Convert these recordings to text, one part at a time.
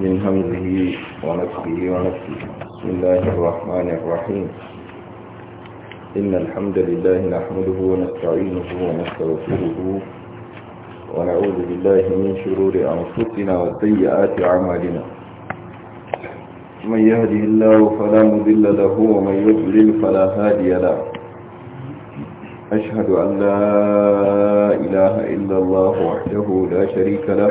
من همزه ونفسه ونفسه بسم الله الرحمن الرحيم إن الحمد لله نحمده ونستعينه ونستغفره ونعوذ بالله من شرور أنفسنا وسيئات أعمالنا من يهده الله فلا مضل له ومن يضلل فلا هادي له أشهد أن لا إله إلا الله وحده لا شريك له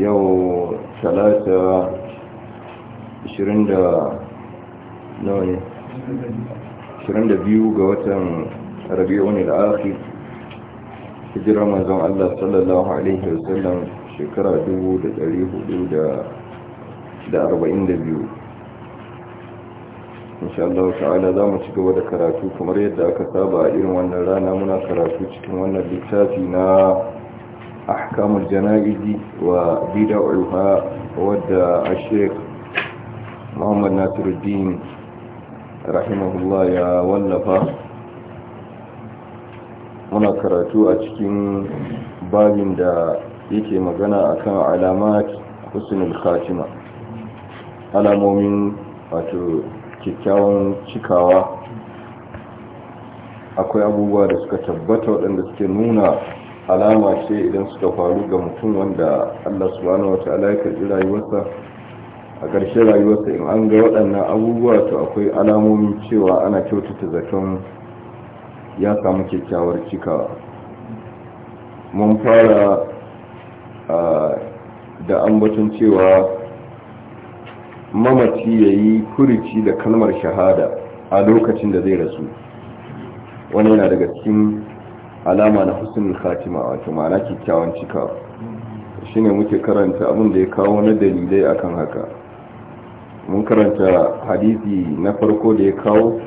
yau talata 20 da nawa ne 22 ga watan da al'afi hijirar manzon Allah sallallahu alaihi wasallam shekara 1442 insha Allah ta'ala za mu ci gaba da karatu kamar yadda aka saba a irin wannan rana muna karatu cikin wannan littafi na أحكام الجنائز وبدعها ودى الشيخ محمد ناصر الدين رحمه الله ya wallafa. muna karatu a cikin babin da yake magana akan alamat husnul khatima alamomin wato kyakkyawan cikawa akwai abubuwa da suka tabbata waɗanda suka nuna alama ce idan suka faru ga mutum wanda Allah subhanahu wa ta'ala ya karbi rayuwarsa a ƙarshe rayuwarsa in an ga waɗannan abubuwa to akwai alamomin cewa ana kyautata zaton ya samu kyakkyawar cikawa mun fara da ambaton cewa mamaci ya yi kurici da kalmar shahada a lokacin da zai rasu wani yana daga cikin alama na husnul khatima wato ma'ana kyakkyawan cika shine muke karanta abin da ya kawo na dalilai akan haka mun karanta hadisi na farko da ya kawo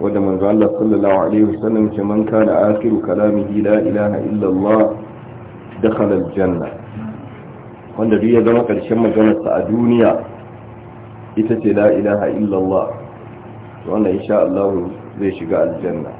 wanda manzo Allah sallallahu alaihi wasallam ce man kana akhiru kalamihi la ilaha illa Allah dakhala aljanna wanda duk ya zama karshen maganarsa a duniya ita ce la ilaha illa Allah to insha Allah zai shiga aljanna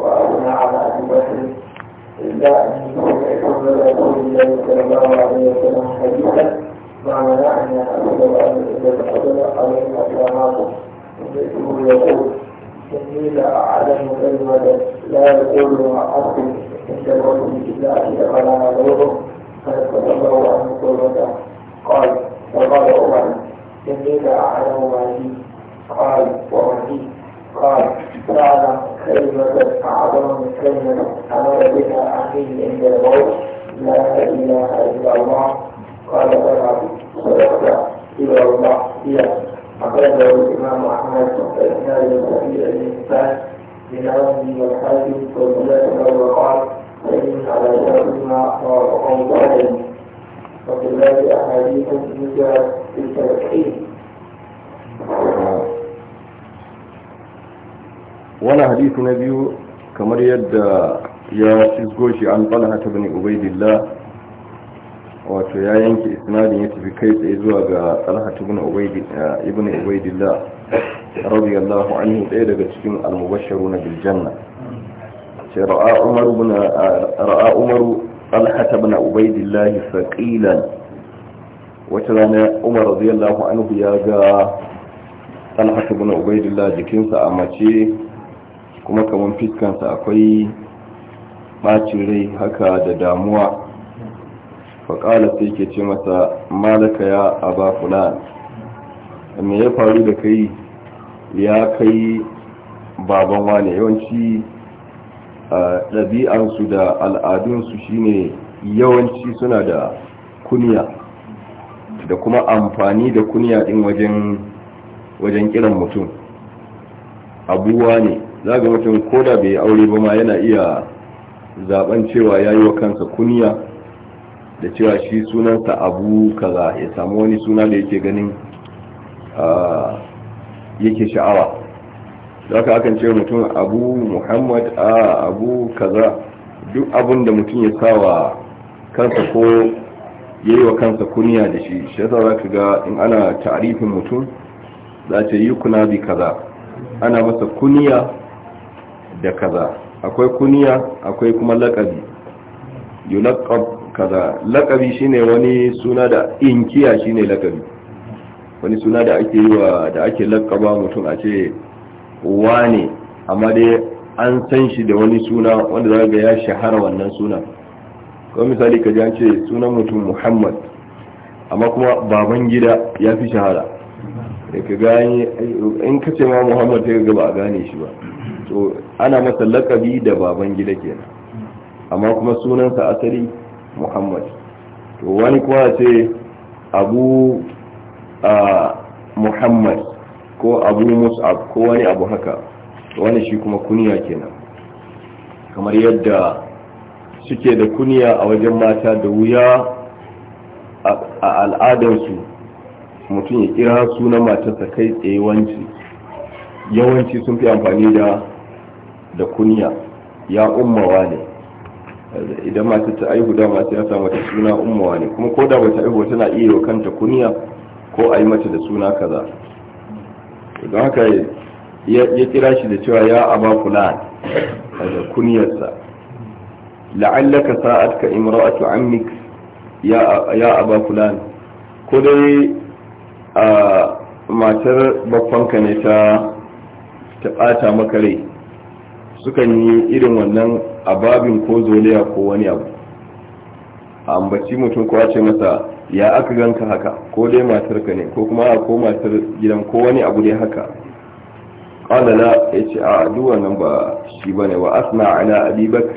وأثنى على أبي بكر إلا أن سمعت رسول الله صلى الله عليه وسلم حديثا ما منعني أن أقول أن إذا حصل عليهم أكراماكم جئته يقول إني لا أعلم كلمة لا يقولها أحد عند الرسول إلا أن يقال غيره فنتطلع أن يقول قال فقال عمر إني لا أعلم ما لي قال وما لي قال فعلا كلمة أعظم كلمة أمر بها أخيه عند الموت لا إله إلا الله قال فعلا صدقت إلى الله فيها أخرجه الإمام أحمد فإسناد سبيل الإنسان بنوم والحج والبلاد وقال فإن على شرط ما وقوم بعدني وفي الله أحاديث مثل التوحيد wani hadisi na biyu kamar yadda ya shigo shi an talha ta bani ubaidillah wato ya yanki isnadin ya tafi kai tsaye zuwa ga talha ta bani eh, ibn ubaidillah radiyallahu anhu ɗaya daga cikin almubasharu na biljanna ce ra'a umaru talha ta bani ubaidillah faqilan wata rana umar radiyallahu anhu ya ga talha ta bani ubaidillah jikinsa a mace kuma kamar fiskansa akwai bacin rai haka da damuwa faƙala sai ke ce masa malaka ya aba fulan me ya faru da kai ya kai baban wane yawanci ɗabi'ansu da al'adunsu shine yawanci suna da kuniya da kuma amfani da kuniya ɗin wajen kiran mutum abuwa ne za ga mutum ko da bai aure ba ma yana iya zaben cewa ya yi wa kansa kuniya da cewa shi sunansa abu kaza ya samu wani suna da yake ganin yake sha'awa za ka akan ce mutum abu muhammad a abu kaza duk abin da mutum ya sawa kansa ko ya yi wa kansa kuniya da shi shi yasa za ka ga in ana tarifin mutum za ce yi kuna bi kaza ana masa kuniya. da kaza akwai kuniya akwai kuma lakabi yulaqab kaza lakabi shine wani suna da inkiya shine lakabi wani suna da ake yi wa da ake lakaba mutum a ce wane amma dai an san shi da wani suna wanda za ga ya shahara wannan suna ko misali ka an ce sunan mutum muhammad amma kuma baban gida ya fi shahara ka gani in ka ce ma muhammad sai ga ba a gane shi ba to ana masa lakabi da baban gida kenan amma kuma sunansa asali muhammad to wani kuma ce abu a muhammad ko abu mus'ab ko wani abu haka wani shi kuma kuniya kenan kamar yadda suke da kuniya a wajen mata da wuya a al'adarsu mutum ya kira sunan matarsa kai tsaye yawanci sun fi amfani da da kunya ya ummawa ne idan masu ta aihu da mace ya samu ta suna ummawa ne kuma ko da bata aihu tana iya wa kanta kunya ko a yi mata da suna kaza don haka ya kira shi da cewa ya aba kula da kunyarsa la'allaka sa'atka imra'atu ammik ya ya aba kula ko dai a matar ka ne ta ta bata maka rai sukan yi irin wannan ababin ko zoliya ko wani abu ambaci mutum ko ce masa ya aka ganka haka ko dai matar ka ne ko kuma a ko matar gidan ko wani abu dai haka qala ya ce a duwa nan ba shi ne wa asna ala abibak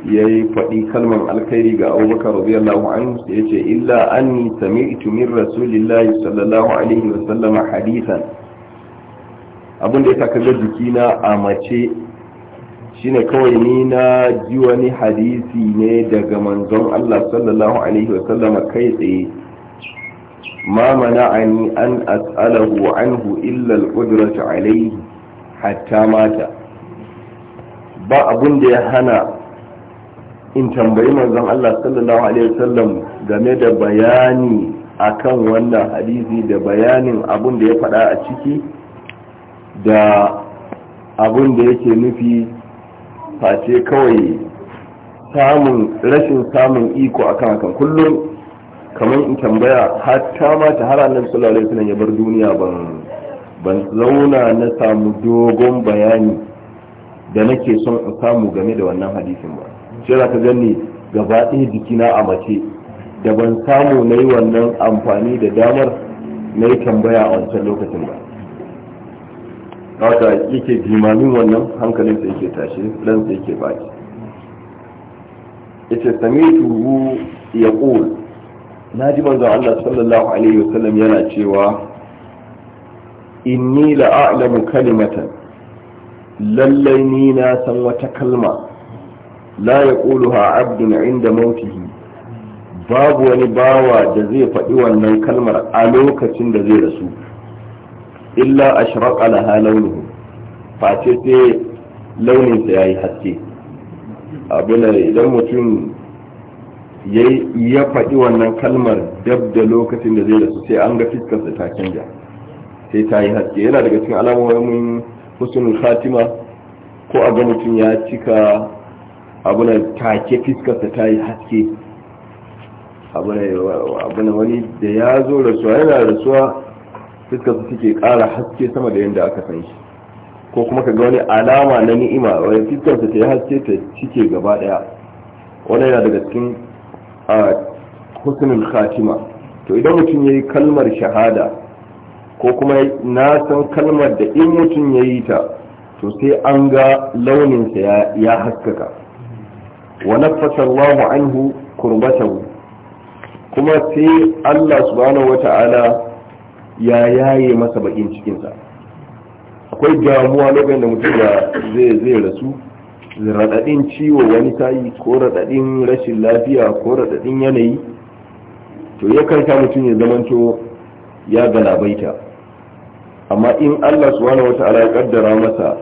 Ya yi faɗi kalmar alkhairi ga abubakar radiyallahu anhu ya yace illa anni sami'tu itumin rasulillahi sallallahu alaihi Wasallama hadisan. hadithan abin da ya saka ga jikina a mace shine kawai ni na ji wani hadisi ne daga manzon Allah sallallahu alaihi wasallam kai tsaye ma mana an as'alahu anhu illa al-qudratu alaihi hatta mata ba abun da ya hana in tambayi manzon Allah sallallahu alaihi wasallam game da bayani akan wannan hadisi da bayanin abun da ya faɗa a ciki da abun da yake nufi face kawai samun rashin samun iko akan hakan kullum kamar in tambaya hatta ma ta har nan sulalai alaihi ya bar duniya ban zauna na samu dogon bayani da nake son in samu game da wannan hadisin ba shi za ka gani gaba ɗaya jikina a mace da ban samu na yi wannan amfani da damar na yi tambaya a wancan lokacin ba haka yake jimamin wannan hankalin hankalinsa yake tashi sai yake baki yace samituhu yaqul naji manzo Allah sallallahu alaihi wasallam yana cewa inni a'lamu kalimatan lallai ni na san wata kalma la yaquluha abdun inda mautihi babu wani bawa da zai faɗi wannan kalmar a lokacin da zai rasu illa ashraqa laha launuhu face sai launin sa yayi haske abin idan mutum ya faɗi wannan kalmar dab da lokacin da zai rasu sai an ga fiskarsa ta canja sai ta yi haske yana daga cikin alamomin husnul khatima ko a ga mutum ya cika abin take fiskarsa ta yi haske abuna wani da ya zo rasuwa yana rasuwa fuskar su suke ƙara haske sama da yadda aka san shi ko kuma ka ga wani alama na ni'ima wani fuskar su ta yi haske ta cike gaba daya wani yana daga cikin a husnul khatima to idan mutum yayi kalmar shahada ko kuma na san kalmar da in mutum yayi ta to sai an ga launin sa ya haskaka wa nafasa Allahu anhu kurbatahu kuma sai Allah subhanahu wata'ala ya yaye masa bakin cikinsa akwai damuwa lokacin da mutum ya zai zai rasu raɗaɗin ciwo wani tayi ko raɗaɗin rashin lafiya ko raɗaɗin yanayi to ya karka mutum ya zamanto ya galabaita amma in Allah subhanahu wata'ala ya kaddara masa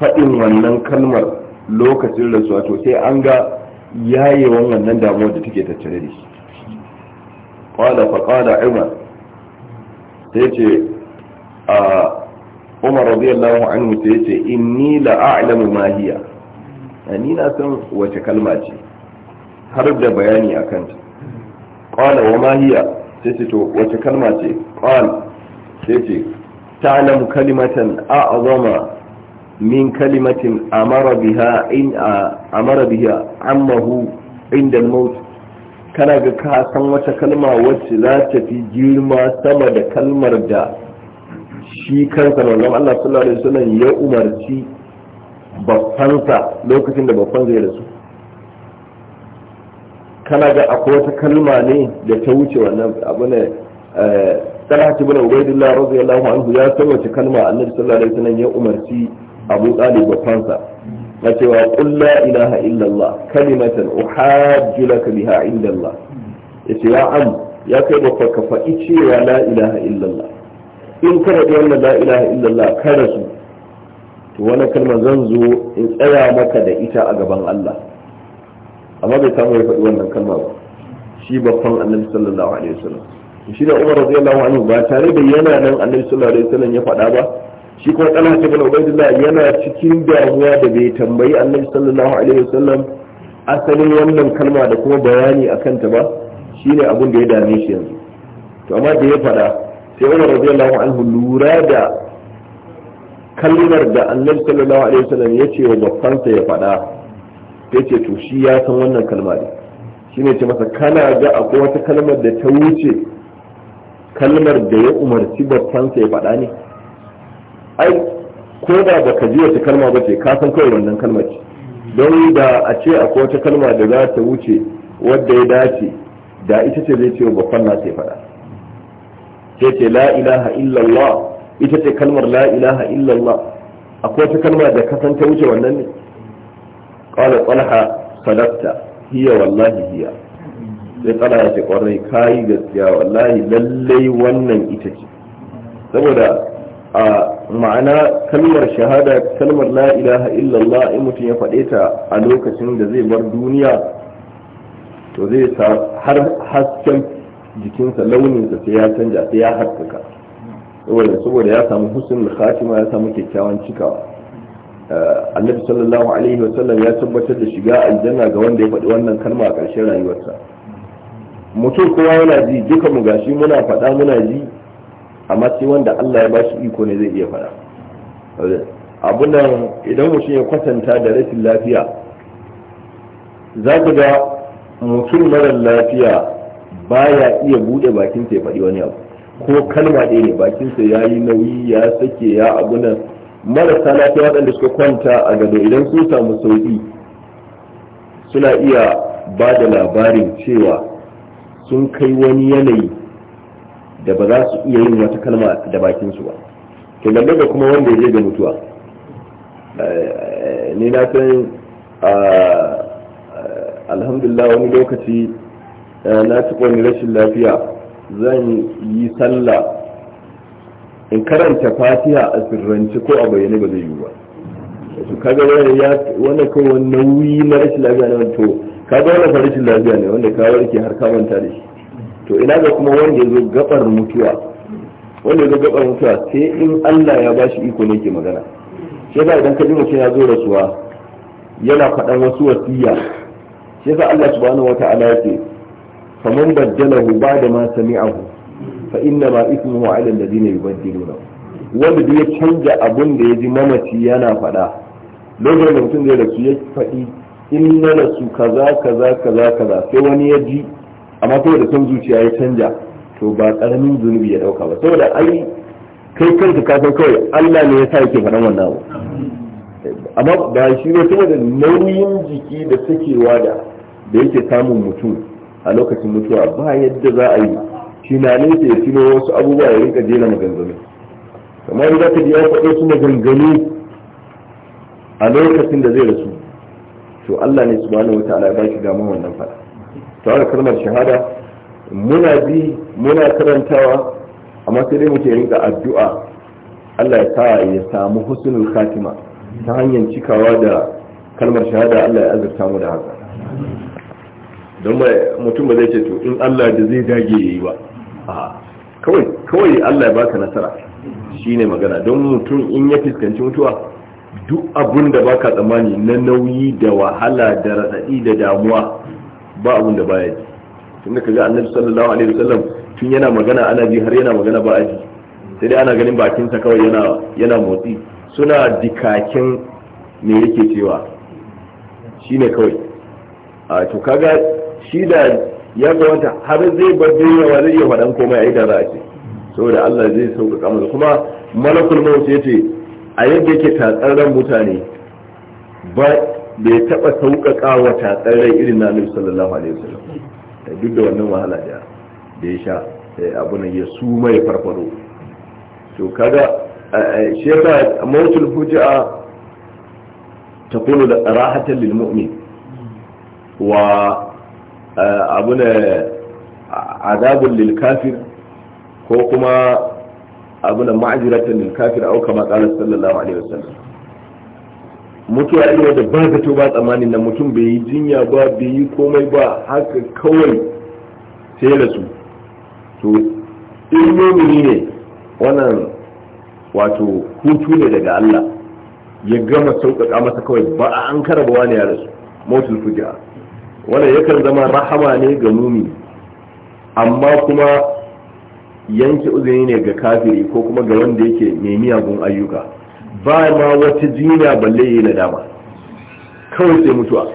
faɗin wannan kalmar lokacin rasuwa to sai an ga yayewan wannan damuwar da take tattare da shi qala fa qala umar sai ce a umar radiyallahu anhu sai ce inni la a'lamu ma hiya ni na san wace kalma ce har da bayani akan ta qala wa ma hiya sai ce to wace kalma ce qala sai ce ta'lamu kalimatan a'zama min kalimatin amara biha in amara biha ammahu inda al-maut kana ga ka san wata kalma wacce za ta fi girma sama da kalmar da shi kansa na wannan Allah sallallahu alaihi wasallam ya umarci babbansa lokacin da babban zai rasu kana ga akwai wata kalma ne da ta wuce wannan abu ne eh, Talha ibn Ubaidillah radiyallahu anhu ya san wace kalma Annabi sallallahu alaihi wasallam ya umarci Abu Talib babbansa na cewa qul la ilaha illa kalimatan uhajju laka biha inda Allah yace ya am ya kai ba ka faɗi cewa la ilaha illa in ka rabi wannan la ilaha illa ka rasu to wani kalmar zan zo in tsaya maka da ita a gaban Allah amma bai samu ya faɗi wannan kalma ba shi babban annabi sallallahu alaihi wasallam shi da Umar radiyallahu anhu ba tare da yana nan annabi sallallahu alaihi wasallam ya faɗa ba shi kuma talha ibn ubaidillah yana cikin damuwa da bai tambayi annabi sallallahu alaihi wasallam asalin wannan kalma da kuma bayani akan ta ba shine abin da ya dame shi yanzu to amma da ya faɗa sai umar radiyallahu anhu lura da kalmar da annabi sallallahu alaihi wasallam ya ce wa babbansa ya faɗa ya ce to shi ya san wannan kalma ne shine ce masa kana ga akwai wata kalmar da ta wuce kalmar da ya umarci babbansa ya faɗa ne ai ko da ka ji wata kalma ba ce ka san kawai wannan kalma ce don da a ce a wata kalma da za ta wuce wadda ya dace da ita ce zai ce babban na sai faɗa ce ce la ilaha illallah ita ce kalmar la ilaha illallah a wata kalma da kasan ta wuce wannan ne qala talha sadaqta hiya wallahi hiya sai tsala ya ce kwarai kayi gaskiya wallahi lallai wannan ita ce saboda a ma'ana kalmar shahada kalmar la ilaha illallah in mutum ya faɗe ta a lokacin da zai bar duniya to zai sa har hasken jikinsa launinsa sai ya canja sai ya haskaka saboda saboda ya samu husnul khatima ya samu kyakkyawan cikawa annabi sallallahu alaihi wasallam ya tabbatar da shiga aljanna ga wanda ya faɗi wannan kalma a ƙarshen rayuwarsa mutum kowa yana ji duka mu gashi muna faɗa muna ji amma sai wanda Allah ya bashi iko ne zai iya faɗa abunan idan mutum ya kwatanta da rashin lafiya za ku ga mutum marar lafiya baya iya bude bakin ya faɗi wani abu ko kalma ɗaya ne bakinsa ya yi nauyi ya sake ya abunan marasa lafiya waɗanda suka kwanta a gado idan sun samu sauƙi suna iya ba da labarin cewa sun kai wani yanayi da ba za su iya yin wata kalma da bakin su ba to lalle da kuma wanda ya je da mutuwa eh, ni na san ah, alhamdulillah wani lokaci eh, na ci wani rashin lafiya zan yi sallah in karanta fatiha a sirrance ko a bayyane ba zai yi ba su kaga wani kawai nauyi na rashin lafiya na to kaga wani rashin lafiya ne wanda kawai warke har kamanta da shi to ina ga kuma wanda ya zo gabar mutuwa wanda ya zo gabar mutuwa sai in Allah ya bashi iko ne ke magana shi yasa idan ka ji mutum ya zo rasuwa yana faɗan wasu wasiya shi yasa Allah subhanahu wata'ala ya ce faman bajjalahu da ma sami'ahu fa inna ma ismuhu 'ala alladhina yubaddiluna wanda da ya canja abun da ya ji mamaci yana faɗa lokacin da mutum zai rasu ya faɗi in na rasu kaza kaza kaza kaza sai wani ya ji amma kawai da son zuciya ya canja to ba karamin zunubi ya dauka ba saboda ai kai kanka ka san kawai Allah ne ya sa yake faɗan wannan abu amma ba shi ne kuma da nauyin jiki da sakewa da da yake samun mutum a lokacin mutuwa ba yadda za a yi tunanin sa ya tuno wasu abubuwa ya rika jera maganganu kamar yadda ka ji ya faɗo su maganganu a lokacin da zai rasu to Allah ne subhanahu wataala ya ba shi damar wannan faɗa tare da kalmar shahada muna bi muna karantawa amma sai dai muke rinka addu'a Allah ya sa ya samu husnul khatima ta hanyar cikawa da kalmar shahada Allah ya azurta mu da haka don mutum ba zai ce to in Allah da zai dage yayi ba kawai kawai Allah ya baka nasara shine magana don mutum in ya fiskanci mutuwa duk abun da baka tsammani na nauyi da wahala da radadi da damuwa ba abun da baya ji tunda ga annabi sallallahu alaihi wasallam tun yana magana ana ji har yana magana ba a ji sai dai ana ganin bakin bakinsa kawai yana yana motsi suna dikakin me yake cewa shine kawai a to kaga shi da ya kamata har zai bar duniya zai iya faɗan komai a idan ra'a ce saboda Allah zai sauƙaƙa masa kuma malakul maut yace a yadda yake tatsar mutane ba bai taɓa sauƙaƙa wa tatsar rai irin na nufi sallallahu alaihi wasallam duk da wannan wahala da da ya sha abu nan ya su mai farfado to kaga shi yasa mawtul ta takunu da rahatan lil mu'min wa abu ne azabun lil kafir ko kuma abu ne ma'ajiratan lil kafir au kama sallallahu alaihi wasallam mutuwa ina da ba zato ba tsammanin na mutum bai yi jinya ba bai yi komai ba haka kawai sai rasu to in mumini ne wannan wato hutu ne daga Allah ya gama sauƙaƙa masa kawai ba a an kara ba ne ya rasu motul fuja wannan yakan zama rahama ne ga mumini amma kuma yanke uzuri ne ga kafiri ko kuma ga wanda yake mai miyagun ayyuka ba ma wata jinya balle yi nadama kawai sai mutuwa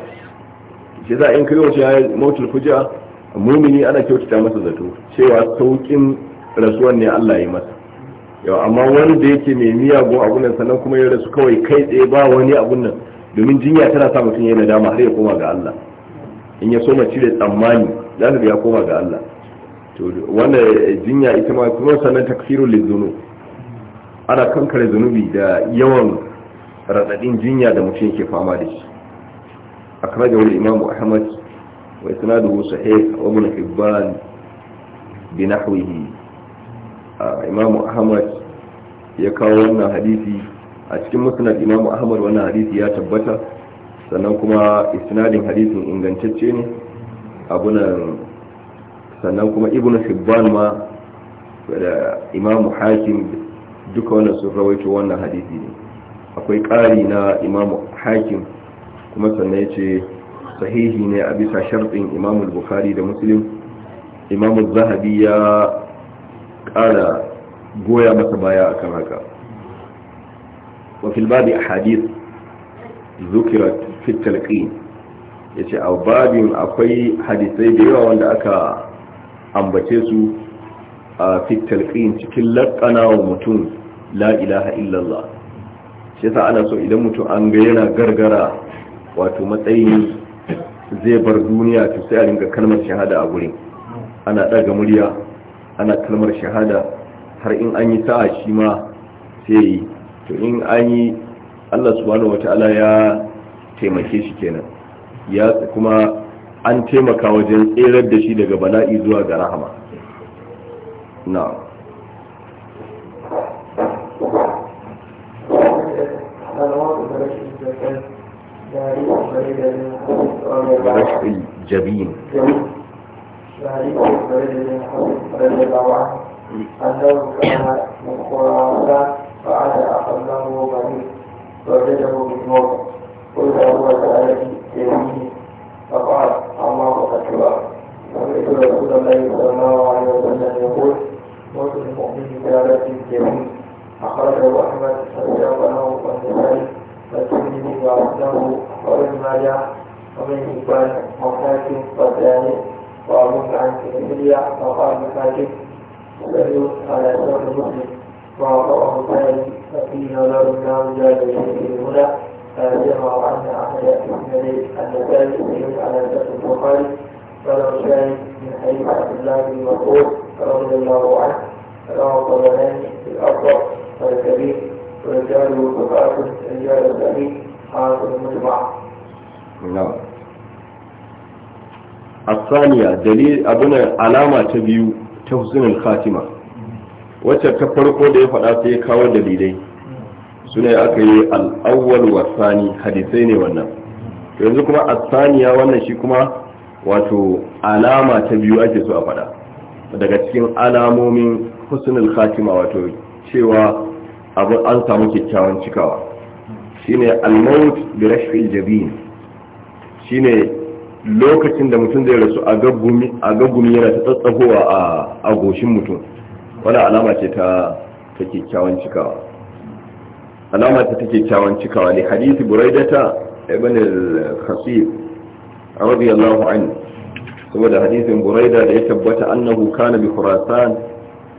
ce za in kai wace ya mautul fuja mumini ana kyautata masa zato cewa saukin rasuwan ne Allah ya masa yau amma wanda yake mai miyagun abun nan sannan kuma ya rasu kawai kai tsaye ba wani abun nan domin jinya tana sa mutum ya nadama har ya koma ga Allah in ya so mace cire tsammani za ya koma ga Allah to wannan jinya ita ma kuma sannan takfirul lizunub ana kankare zunubi da yawan radadin jinya da mutum yake fama da shi akrajahu wani imam ahmad wa wasu sahih wa ibn hibban bi nahwihi imam ahmad ya kawo wannan hadisi a cikin musnad imam ahmad wannan hadisi ya tabbata sannan kuma isnadin hadisin ingantacce ne abunan sannan kuma ibn hibban ma da imam hakim duka wannan sun rawaito wannan hadisi ne akwai ƙari na imamu hakim kuma sannan ya ce sahihi ne a bisa sharɗin imamu bukari da muslim imamu zahabi ya ƙara goya masa baya akan haka wafil babi a hadis zukirat talqin ya ce a babin akwai hadisai da yawa wanda aka ambace su a fit cikin laƙana wa mutum la ilaha illallah shi yasa ana so idan mutum an ga yana gargara wato matsayin zai bar duniya to sai a ringa kalmar shahada a gurin ana daga murya ana kalmar shahada har in an yi sa'a shi ma sai yi to in an yi Allah subhanahu wata'ala ya taimake shi kenan ya kuma an taimaka wajen tserar da shi daga bala'i zuwa ga rahama na'am ورشف الجبين شهيد بريد بن رضي الله عنه أنه كان من خراسان فعلى أقله بني وجده بالموت قلت هو سألك يميني فقال الله أكبر سمعت رسول الله صلى الله عليه وسلم يقول موت المؤمن كالتي اليمين أخرجه أحمد وسلمه والنسائي والترمذي وأحسنه وابن ماجه ومن حبان وحاكم والداني وأبو عن كتبية وقال الحاكم سبيل على سبب مسلم وأعطاه الثاني ففيه نظر النار جاد به هنا فجمع عن أحمد بن زيد النسائي سبيل على سبب البخاري ولو شاهد من حديث عبد الله بن مسعود رضي الله عنه رواه الطبراني في الأرض والكبير والجار والقطعة الجار الكبير حاصل المجمع نعم الثانية دليل أبنى علامة تبيو تفزن الخاتمة wacce ta farko da ya faɗa sai ya kawo dalilai ne aka yi al'awwal wa sani hadisai ne wannan yanzu kuma a saniya wannan shi kuma wato alama ta biyu ake so a faɗa daga cikin alamomin husnul khatima wato cewa abu an samu kyakkyawan cikawa shine al-maut bi rashfil jabin shine lokacin da mutum zai rasu a gaggumi a gaggumi yana ta tsatsahowa a agoshin mutum wani alama ce ta ta kyakkyawan cikawa alama ta kyakkyawan cikawa ne hadisi buraidata ibn al-khasib radiyallahu anhu saboda hadisin buraida da ya tabbata annahu kana bi khurasan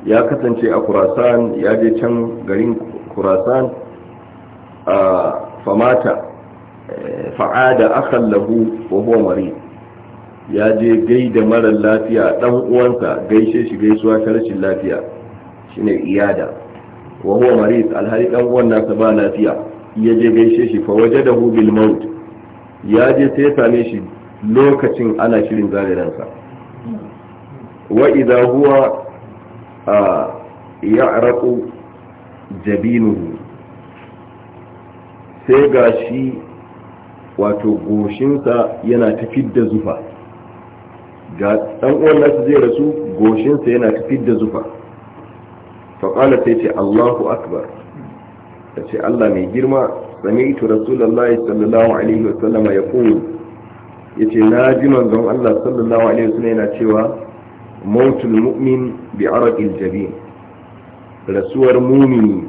ya kasance a kurasan ya je can garin kurasan a famata eh, fa'ada akan lahu wa huwa mari ya je gai da marar lafiya dan uwansa gaishe shi gaisuwa ta rashin lafiya Shi ne iyada wa huwa mari alhari dan uwan nasa ba lafiya ya je gaishe shi fa waje da hubil maut ya je sai ya same shi lokacin ana shirin zare wa idza huwa ya'raqu jabinuhu sai ga shi wato goshinsa yana tafid da zufa ga dan uwan nasu zai rasu goshinsa yana tafid da zufa faƙala sai ce allahu akbar ta ce allah mai girma sami ito rasulallah sallallahu alaihi wasallama ya kowu ya ce na ji manzon allah sallallahu alaihi wasallama yana cewa mautul mu'min bi araqil jabin rasuwar mumini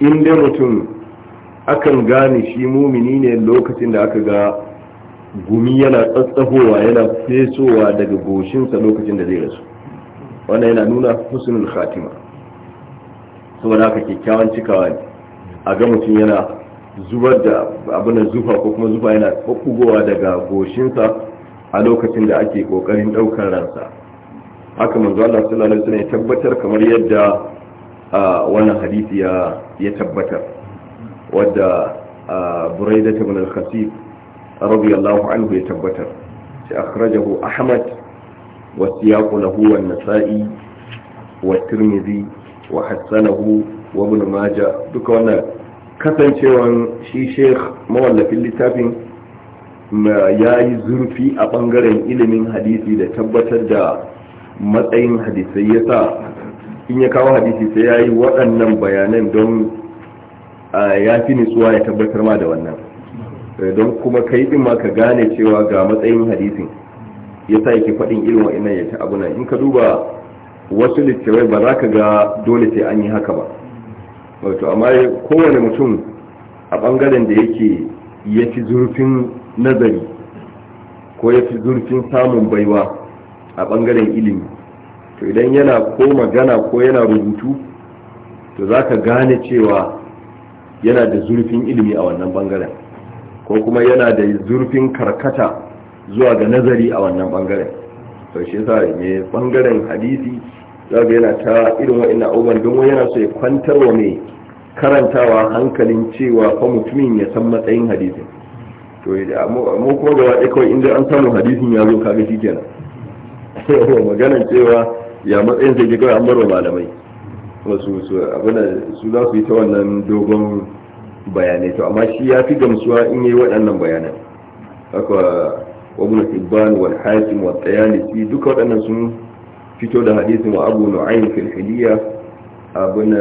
inda mutum akan gane shi mumini ne lokacin da aka ga gumi yana tsatsahowa yana fesowa daga goshinsa lokacin da zai rasu wannan yana nuna husnul khatima saboda haka kyakkyawan cikawa ne a ga mutum yana zubar da abin zufa ko kuma zufa yana kokugowa daga goshinsa a lokacin da ake kokarin daukar ransa haka manzo Allah sallallahu alaihi wasallam ya tabbatar kamar yadda wannan hadisi ya ya tabbatar wadda Buraida ibn al-Khatib radiyallahu anhu ya tabbatar sai akhrajahu Ahmad wa siyaqu lahu wa nasai wa Tirmidhi wa hassanahu wa Ibn Majah duka wannan kasancewan shi Sheikh mawallafin littafin ya yi zurfi a bangaren ilimin hadisi da tabbatar da matsayin hadisai ya sa in ya kawo hadisi sai ya yi waɗannan bayanan don ya fi nutsuwa ya tabbatar ma da wannan eh, don kuma kai din ma ka gane cewa ga matsayin hadisin ya sa yake faɗin irin wa'innan ya abu abuna in ka duba wasu littattafai ba za ka ga dole sai an yi haka ba wato amma kowane mutum a ɓangaren da yake ya fi zurfin nazari ko ya fi zurfin samun baiwa a bangaren ilimi to idan yana ko magana ko yana rubutu to za ka gane cewa yana da zurfin ilimi a wannan bangaren ko kuma yana da zurfin karkata zuwa ga nazari a wannan bangaren to shi yasa me bangaren hadisi za ga yana ta irin wa'ina abubuwan don yana so ya kwantar wa mai karantawa hankalin cewa fa mutumin ya san matsayin hadisin to mu kuma gaba ɗaya kawai inda an samu hadisin ya zo kaga shi kenan yawa magana cewa ya matsayin sai ke kawai an barwa malamai wasu su abin su za su yi ta wannan dogon bayanai to amma shi ya fi gamsuwa in yi waɗannan bayanan haka wabin tibban wal hakim wal tayalisi duka waɗannan sun fito da hadisin wa abu nu'aym fil hiliya abin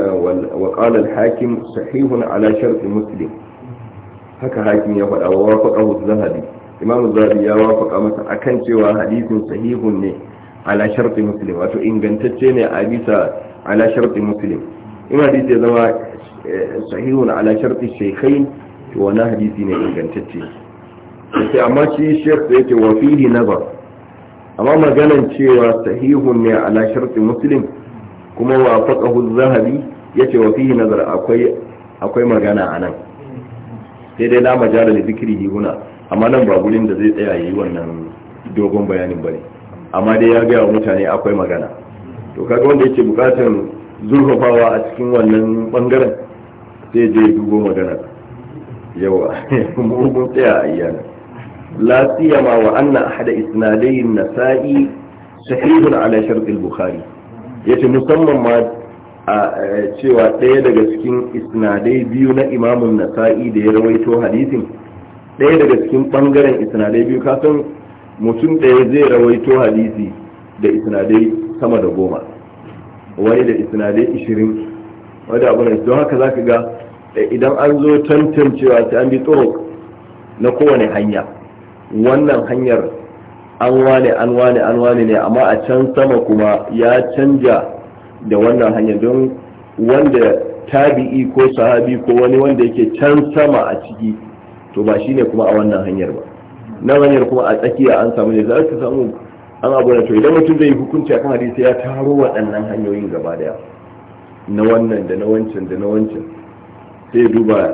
wa qala al hakim sahihun ala shart muslim haka hakim ya faɗa wa wafaqahu zahabi imam zabi ya wafaka masa akan cewa hadisin sahihun ne ala sharti muslim wato ingantacce ne a bisa ala sharti muslim in hadisi ya zama eh, sahihun ala sharti shekai to wani hadisi ne ingantacce sai amma shi shekh da yake wa na nazar amma maganan cewa sahihun ne ala sharti muslim kuma wa faqahu zahabi yace wa wafili nazar akwai akwai magana anan sai dai na majalar zikiri yi huna amma nan ba gurin da zai tsaya yi wannan dogon bayanin bane amma dai ya gaya wa mutane akwai magana to kaga wanda yake bukatar zurfafawa a cikin wannan bangaren sai je dubo magana yawa mun tsaya a yana la siyama wa anna ahada isnadai nasa'i sahihun ala shart al-bukhari yace musamman ma a cewa daya daga cikin isnadai biyu na imamun nasa'i da ya rawaito hadisin ɗaya daga cikin ɓangaren isnadai biyu kasan mutum ɗaya zai rawaito hadisi da isnadai sama da goma wani da isnadai ishirin wadda abu na don haka za ka ga idan an zo tantancewa sai an bi tsoro na kowane hanya wannan hanyar an wane an wane an wane ne amma a can sama kuma ya canja da wannan hanya don wanda tabi'i ko sahabi ko wani wanda yake can sama a ciki to ba shine kuma a wannan hanyar ba na hanyar kuma a tsakiya an samu ne za ka samu an abu da to idan mutum zai yi hukunci akan hadisi ya taro waɗannan hanyoyin gaba daya na wannan da na wancan da na wancan sai duba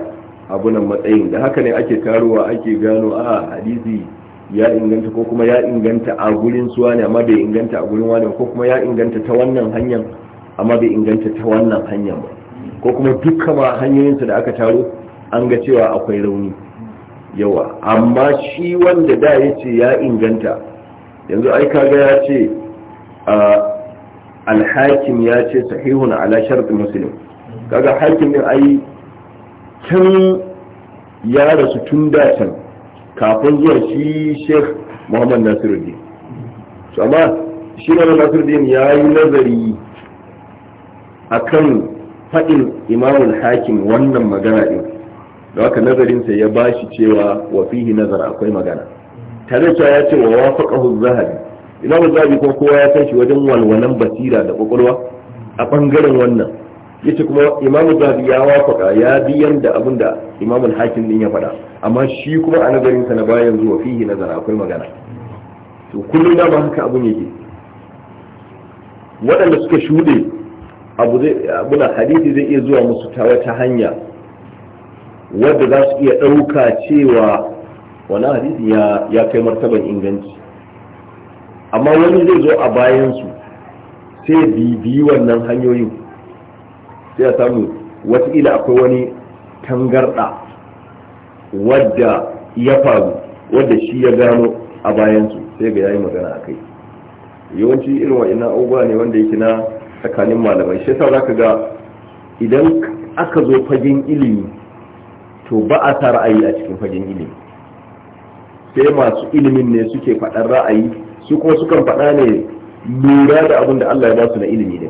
abunan matsayin da haka ne ake taruwa ake gano a hadisi ya inganta ko kuma ya inganta a gurin suwa ne amma bai inganta a gurin wani ko kuma ya inganta ta wannan hanyar amma bai inganta ta wannan hanyar ba ko kuma dukkan hanyoyinsa da aka taro an ga cewa akwai rauni yawa amma shi wanda da ya ce ya inganta yanzu ai kaga ya ce alhakim ya ce sahihun ala shartin muslim kaga hakim din ai can ya rasu tun da can kafin zuwa shi sheikh muhammad nasiruddin su amma shi muhammad nasiruddin ya yi nazari akan faɗin imamul hakim wannan magana din da haka nazarinsa ya bashi cewa wa fihi nazar akwai magana tare cewa ya ce wa wafaqahu zahabi imamu zahabi ko kowa ya san shi wajen walwalan basira da kwakwalwa a bangaren wannan yace kuma imam zahabi ya wafaka ya bi yanda abinda imam al hakim din ya faɗa amma shi kuma a nazarinsa na bayan zuwa fihi nazar akwai magana to kullum da ba haka abun yake waɗanda suka shuɗe abu zai hadisi zai iya zuwa musu ta wata hanya wadda za su iya ɗauka cewa wani hadisi ya kai martaban inganci amma wani zai zo a bayansu sai bibiyi wannan hanyoyin sai a samu watakila akwai wani tangarɗa wadda ya faru wadda shi ya gano a bayansu sai ga yayi magana a kai yawanci irin wa'ina abubuwa ne wanda yake na tsakanin malamai shi yasa ka ga idan aka zo fagen ilimi to ba a sa ra'ayi a cikin fagen ilimi sai masu ilimin ne suke faɗar ra'ayi su kuma sukan faɗa ne lura da abin da Allah ya ba su na ilimi ne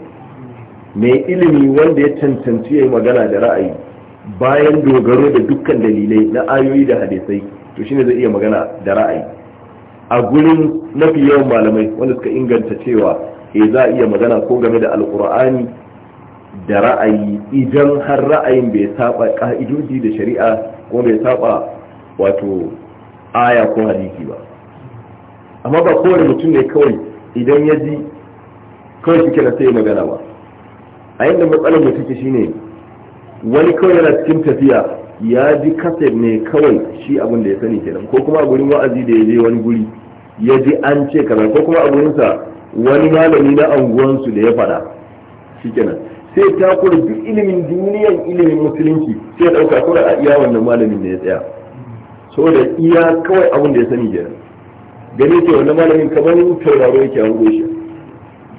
mai ilimi wanda ya cancanci ya yi magana da ra'ayi bayan dogaro da dukkan dalilai na ayoyi da hadisai to shine zai iya magana da ra'ayi a gurin mafi yawan malamai wanda suka inganta cewa eh za a iya magana ko game da alkur'ani da ra'ayi idan har ra'ayin bai saba ka'idoji da shari'a ko bai saba wato aya ko hadisi ba amma ba kowane mutum ne kawai idan ya ji kawai shi na sai magana ba a yadda matsalar mutum shi shine wani kawai yana cikin tafiya ya ji kasa ne kawai shi abin da ya sani kenan ko kuma a gurin wa'azi da ya je wani guri ya ji an ce kaza ko kuma a gurinsa wani malami na anguwansu da ya faɗa shi kenan sai ta kula duk ilimin duniyar ilimin musulunci sai ya ɗauka kula a iya wannan malamin ne ya tsaya saboda iya kawai abin da ya sani kenan gani ce wannan malamin kamar tauraro yake an goshe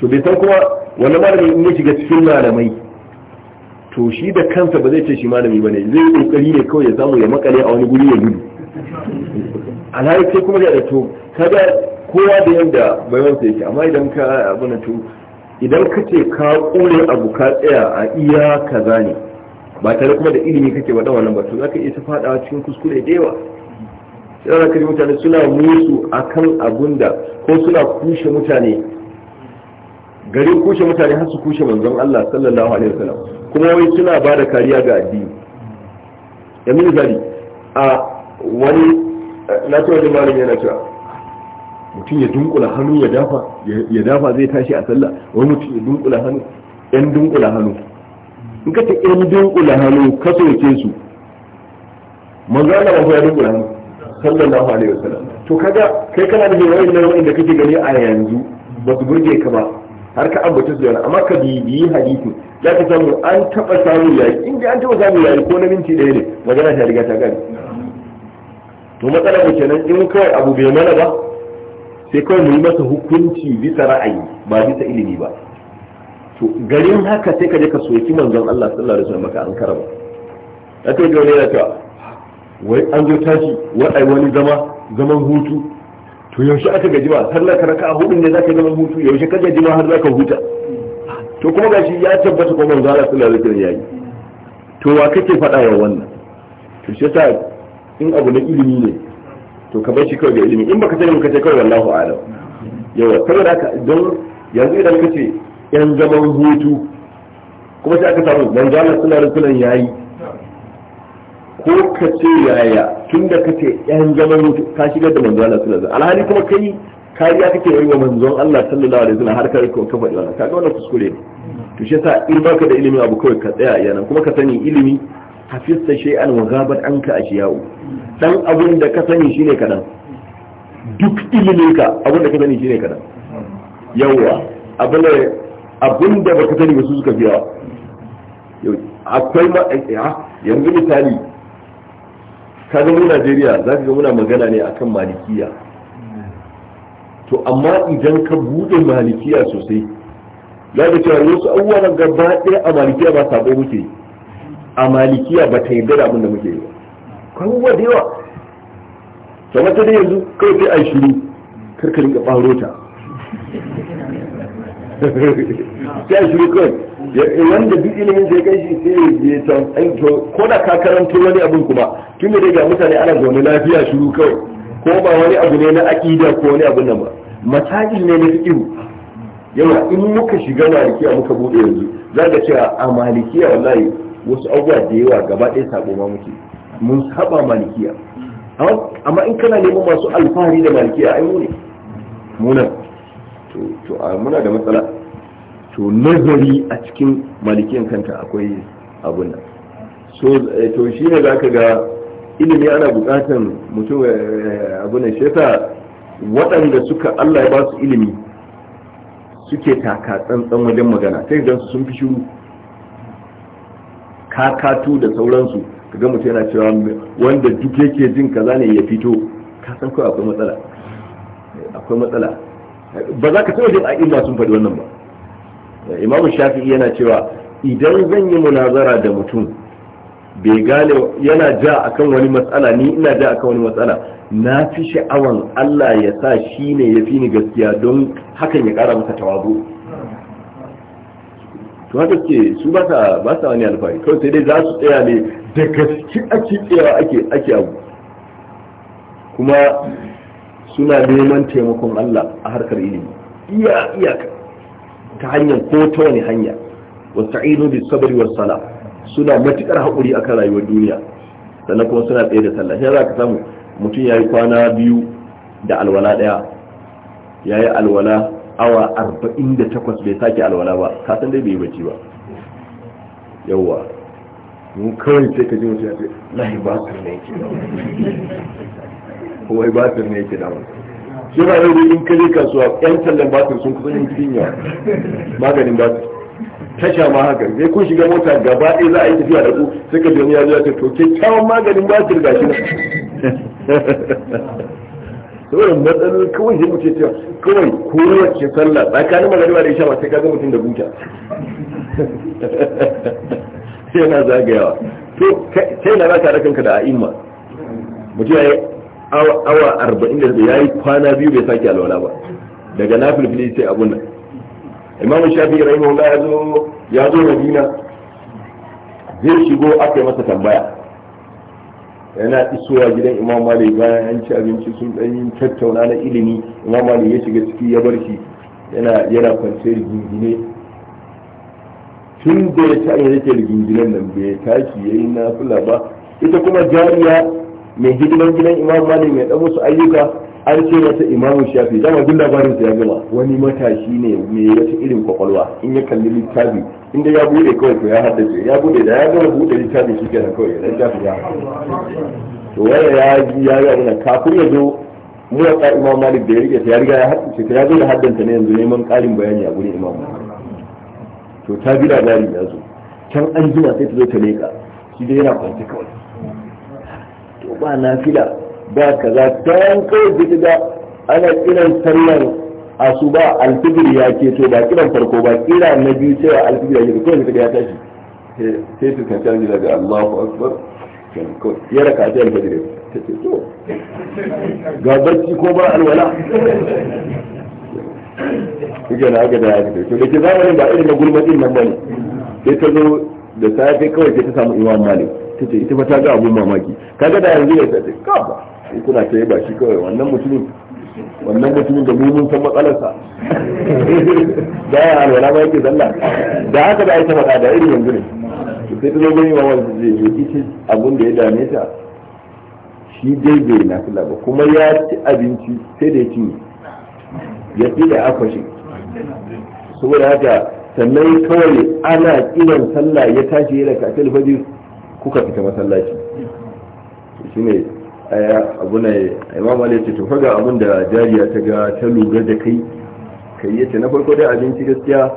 to bai san kuma wannan malamin in ya shiga cikin malamai to shi da kansa ba zai ce shi malami bane zai kokari ne kawai ya samu ya makale a wani guri ya gudu alhali sai kuma da to kaga kowa da yadda bayan sa yake amma idan ka abuna to idan ka ce ka kore abu ka tsaya a iya kaza ne ba tare kuma da ilimi kake waɗa wannan ba to za ka iya ta faɗawa cikin kuskure da yawa sai zaka ji mutane suna musu akan abun da ko suna kushe mutane garin kushe mutane har su kushe manzon Allah sallallahu alaihi wasallam kuma wai suna ba da kariya ga addini mun misali a wani na tsohon malamin yana cewa mutum ya dunkula hannu ya dafa ya dafa zai tashi a sallah wani mutum ya dunkula hannu yan dunkula hannu in ka ta yan dunkula hannu ka soke su manzo Allah ba ya dunkula hannu sallallahu alaihi wasallam to kaga kai kana da wayannan wanda kake gani a yanzu ba su burge ka ba har ka ambata su yana amma ka bibiyi hadisi za ka samu an taba samu yayi in an taba samu yayi ko na minti ɗaya ne magana ta riga ta gani to matsalar mu kenan in kawai abu bai mana ba sai kawai mu yi masa hukunci bisa ra'ayi ba bisa ilimi ba to garin haka sai ka je ka soki manzon Allah sallallahu alaihi wasallam ka an karaba aka ga wani ta wai an zo tashi wai wani zama zaman hutu to yaushe aka gaji ba sallar ka raka hudu ne zaka zaman hutu yaushe ka gaji ma har zaka huta to kuma gashi ya tabbata ko manzon Allah sallallahu alaihi wasallam yayi to wa kake fada wa wannan to shi yasa in abu na ilimi ne to ka bar shi kawai ga ilimi in baka sani ka ce kawai wallahu alam yawa saboda haka don yanzu idan ka ce yan zaman hutu kuma sai aka samu dan Allah suna alaihi wasallam yayi ko ka ce yaya tunda ka ce yan zaman hutu ka shigar da manzo Allah sallallahu alaihi wasallam alhali kuma kai kariya kake yi wa manzon Allah sallallahu alaihi wasallam har kai ko ka faɗi wannan kaga wannan kuskure ne to shi yasa in baka da ilimin abu kawai ka tsaya a yana kuma ka sani ilimi hafista shay'an wa ka anka ashiyahu dan abin da ka sani shine kadan duk ilimin ka abin da ka sani shine kadan yawa abin da abin da baka sani ba su suka fi yawa akwai ma eh, eh, ah, yanzu misali ka ga mu Najeriya za ka ga muna magana ne akan malikiya to amma idan ka bude malikiya sosai za ka cewa wasu abubuwa gaba ɗaya a malikiya ba sabo muke yi a malikiya ba ta yarda da abin da muke yi ba abubuwa da yawa To ta da yanzu kai sai ai shiru karka rinka faro ta sai ai shiru kawai eh, wanda duk ilimin sai kai shi sai ya san an to ko da ka karanto wani abin kuma tun da dai ga mutane ana zaune lafiya shiru kawai ko ba wani abu ne na aqida ko wani abin nan ba matakin ne na fiqh yawa in muka shiga malikiya muka bude yanzu za ka cewa a malikiya wallahi wasu abubuwa da yawa gaba ɗaya sabo ma muke mun saba malikiya amma in kana neman masu alfahari da malikiya ai mu ne munan to muna da matsala to nazari a cikin malikiyan kanta akwai abun nan so eh, to shi ne zaka ga ilimi ana bukatan mutum eh, abu ne shi yasa waɗanda suka Allah ya ba su ilimi suke taka tsantsan wajen magana sai idan su sun fi shiru kakatu da sauransu ka ga mutum yana cewa wanda duk yake jin kaza ne ya fito ka san kawai akwai matsala akwai matsala ba za ka taɓa a a'imma sun faɗi wannan ba imamu shafi'i yana cewa idan zan yi munazara da mutum bai gane yana ja akan wani matsala ni ina ja akan wani matsala na fi sha'awan Allah ya sa shi ne ya fi ni gaskiya don hakan ya kara masa tawazu to haka ke su ba sa ba sa wani alfahari kawai sai dai za su tsaya ne da gaske ake tsayawa ake ake abu kuma suna neman taimakon Allah a harkar ilimi iya iyaka ta hanyar ko ta wani hanya wasta'inu bi sabri was sala suna matukar hakuri akan rayuwar duniya sannan kuma suna tsaye da sallah sai za ka samu mutum yayi kwana biyu da alwala daya yayi alwala awa 48 bai sake alwala ba ka san dai bai bacci ba yawwa Mun kawai sai ka ji mutum ya ce lahi basir ne yake da ba su ne yake da wani shi ba yau in ka kasuwa yan tallan basir sun kusa yin kinya maganin basir tasha ma haka sai kun shiga mota gaba ɗaya za a yi tafiya da ku sai ka ji wani ya zo ya ce to kyakkyawan maganin basir gashi na dole matsaloli kawai sai muke cewa kawai kowace sallah tsakanin magariba da isha ba sai ga mutum da sai yana zagayawa to sai na rakan ka da a'imma mutum ya yi awa arba'in da ya yi kwana biyu bai sake alwala ba daga na fili sai abun nan imamu shafi rahimahullah ya zo ya zo madina zai shigo aka yi masa tambaya yana isowa gidan imam malik bayan an ci abinci sun dan yin tattauna na ilimi imam malik ya shiga ciki ya bar shi yana yana kwance rigingine tun da ya ci yake rigingine nan bai tashi yayi nafila ba ita kuma jariya mai hidiman gidan imam malik mai dan wasu ayyuka an ce masa imamu shafi dama duk labarin sa ya gama wani matashi ne mai wata irin kwakwalwa in ya kalli littafi inda ya bude kawai to ya haddace ya bude da ya gama bude littafi shi kenan kawai ya shafi ya to wanda ya ji ya ga ina kafin ya zo mu ya imamu malik da ya rike ya riga ya haddace ta ya zo da haddanta ne yanzu neman karin bayani a guri imamu to ta bi labarin ya zo can an jima sai ta zo ta leka shi dai yana kwance kawai to ba na fila da kaza tan kai da ana kiran sallan asuba alfijir ya ke to ba kiran farko ba kira na biyu cewa alfijir ya ke kawai ya tashi sai su ka canji daga Allahu akbar ya raka ta alfijir ta ce to ga barci ko ba alwala kuke na aka da ya ke to da ke zamanin ba irin na gulmatin nan bane sai ta zo da safe kawai sai ta samu imam malik ta ce ita ba ta ga abun mamaki kaga da yanzu ya ta ce kaba in kuna ta yaba shi kawai wannan mutumin wannan mutumin da mun san matsalarsa da ya alwala ba yake zalla da haka da aita faɗa da irin yanzu ne sai ta zama gani ma zai yi ita abun da ya dame ta shi dai bai na fila ba kuma ya ci abinci sai da ya ci ya fi da shi saboda haka sannan kawai ana kiran sallah ya tashi ya raka alfajir kuka fita masallaci ne Abu yi. imam ali ce to faga abin da jariya ta ga ta lura da kai kai yace na farko dai abinci gaskiya